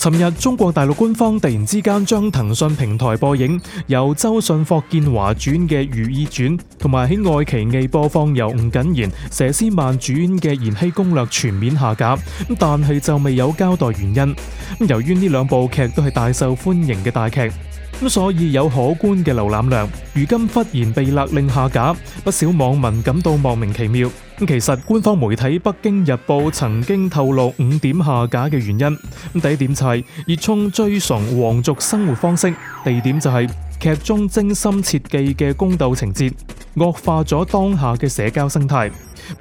尋日中國大陸官方突然之間將騰訊平台播映由周迅、霍建華主演嘅《如懿傳》，同埋喺愛奇藝播放由吳謹言、佘詩曼主演嘅《延禧攻略》全面下架，但係就未有交代原因。由於呢兩部劇都係大受歡迎嘅大劇，咁所以有可觀嘅瀏覽量，如今忽然被勒令下架，不少網民感到莫名其妙。咁其實官方媒體《北京日報》曾經透露五點下架嘅原因。咁第一點係熱衷追崇皇族生活方式，第二點就係劇中精心設計嘅宮鬥情節惡化咗當下嘅社交生態，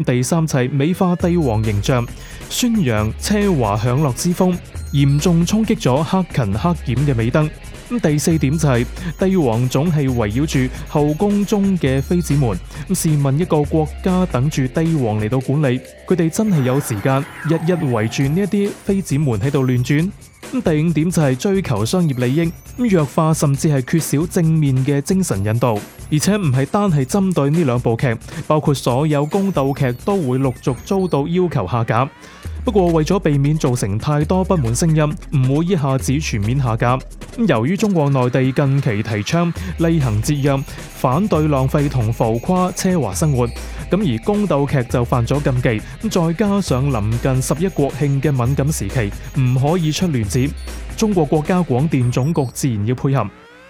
第三就係美化帝王形象，宣揚奢華享樂之風，嚴重衝擊咗克勤克儉嘅美德。第四點就係、是、帝王總係圍繞住後宮中嘅妃子們。咁試問一個國家等住帝王嚟到管理，佢哋真係有時間日日圍住呢一啲妃子們喺度亂轉？第五點就係追求商業利益，咁弱化甚至係缺少正面嘅精神引導。而且唔係單係針對呢兩部劇，包括所有宮鬥劇都會陸續遭到要求下架。不過為咗避免造成太多不滿聲音，唔會一下子全面下架。由於中國內地近期提倡厲行節約，反對浪費同浮誇奢華生活，咁而宮鬥劇就犯咗禁忌。再加上臨近十一國慶嘅敏感時期，唔可以出亂子，中國國家廣電總局自然要配合。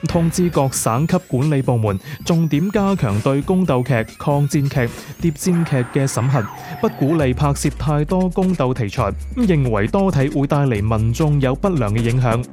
通知各省級管理部門，重點加強對宮鬥劇、抗戰劇、諜戰劇嘅審核，不鼓勵拍攝太多宮鬥題材，認為多睇會帶嚟民眾有不良嘅影響。